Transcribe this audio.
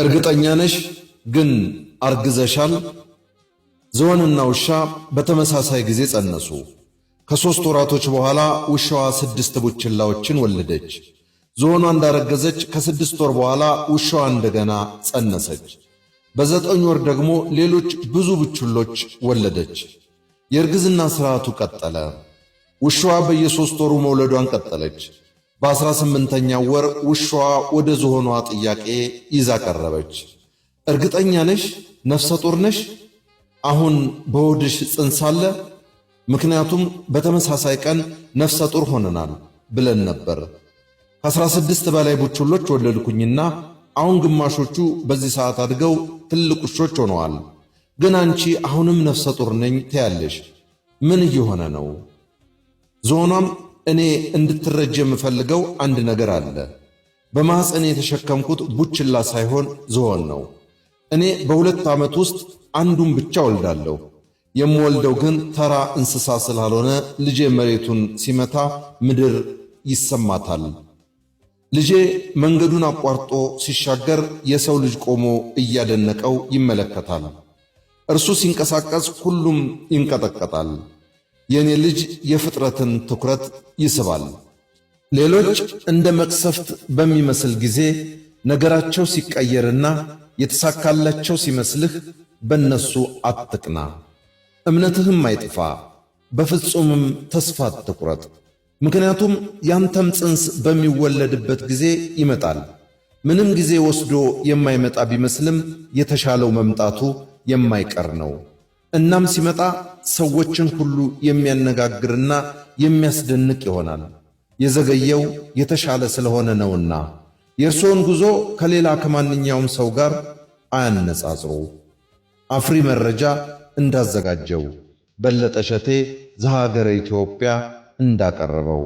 እርግጠኛ ነሽ ግን አርግዘሻል። ዝሆንና ውሻ በተመሳሳይ ጊዜ ጸነሱ። ከሦስት ወራቶች በኋላ ውሻዋ ስድስት ቡችላዎችን ወለደች። ዝሆኗ እንዳረገዘች ከስድስት ወር በኋላ ውሻዋ እንደገና ጸነሰች። በዘጠኝ ወር ደግሞ ሌሎች ብዙ ቡችሎች ወለደች። የእርግዝና ሥርዓቱ ቀጠለ። ውሻዋ በየሦስት ወሩ መውለዷን ቀጠለች። በ18ኛው ወር ውሿ ወደ ዝሆኗ ጥያቄ ይዛ ቀረበች። እርግጠኛ ነሽ ነፍሰ ጡር ነሽ? አሁን በወድሽ ጽንስ አለ? ምክንያቱም በተመሳሳይ ቀን ነፍሰ ጡር ሆነናል ብለን ነበር። ከ16 በላይ ቡችሎች ወለድኩኝና አሁን ግማሾቹ በዚህ ሰዓት አድገው ትልቅ ውሾች ሆነዋል። ግን አንቺ አሁንም ነፍሰ ጡር ነኝ ትያለሽ። ምን እየሆነ ነው? ዝሆኗም እኔ እንድትረጅ የምፈልገው አንድ ነገር አለ። በማኅፀን የተሸከምኩት ቡችላ ሳይሆን ዝሆን ነው። እኔ በሁለት ዓመት ውስጥ አንዱን ብቻ ወልዳለሁ። የምወልደው ግን ተራ እንስሳ ስላልሆነ ልጄ መሬቱን ሲመታ ምድር ይሰማታል። ልጄ መንገዱን አቋርጦ ሲሻገር የሰው ልጅ ቆሞ እያደነቀው ይመለከታል። እርሱ ሲንቀሳቀስ ሁሉም ይንቀጠቀጣል። የእኔ ልጅ የፍጥረትን ትኩረት ይስባል። ሌሎች እንደ መቅሰፍት በሚመስል ጊዜ ነገራቸው ሲቀየርና የተሳካላቸው ሲመስልህ በእነሱ አትቅና። እምነትህም አይጥፋ፣ በፍጹምም ተስፋ አትቁረጥ። ምክንያቱም ያንተም ጽንስ በሚወለድበት ጊዜ ይመጣል። ምንም ጊዜ ወስዶ የማይመጣ ቢመስልም የተሻለው መምጣቱ የማይቀር ነው። እናም ሲመጣ ሰዎችን ሁሉ የሚያነጋግርና የሚያስደንቅ ይሆናል። የዘገየው የተሻለ ስለሆነ ነውና የእርስዎን ጉዞ ከሌላ ከማንኛውም ሰው ጋር አያነጻጽሩ። አፍሪ መረጃ እንዳዘጋጀው በለጠ ሸቴ ዘሀገረ ኢትዮጵያ እንዳቀረበው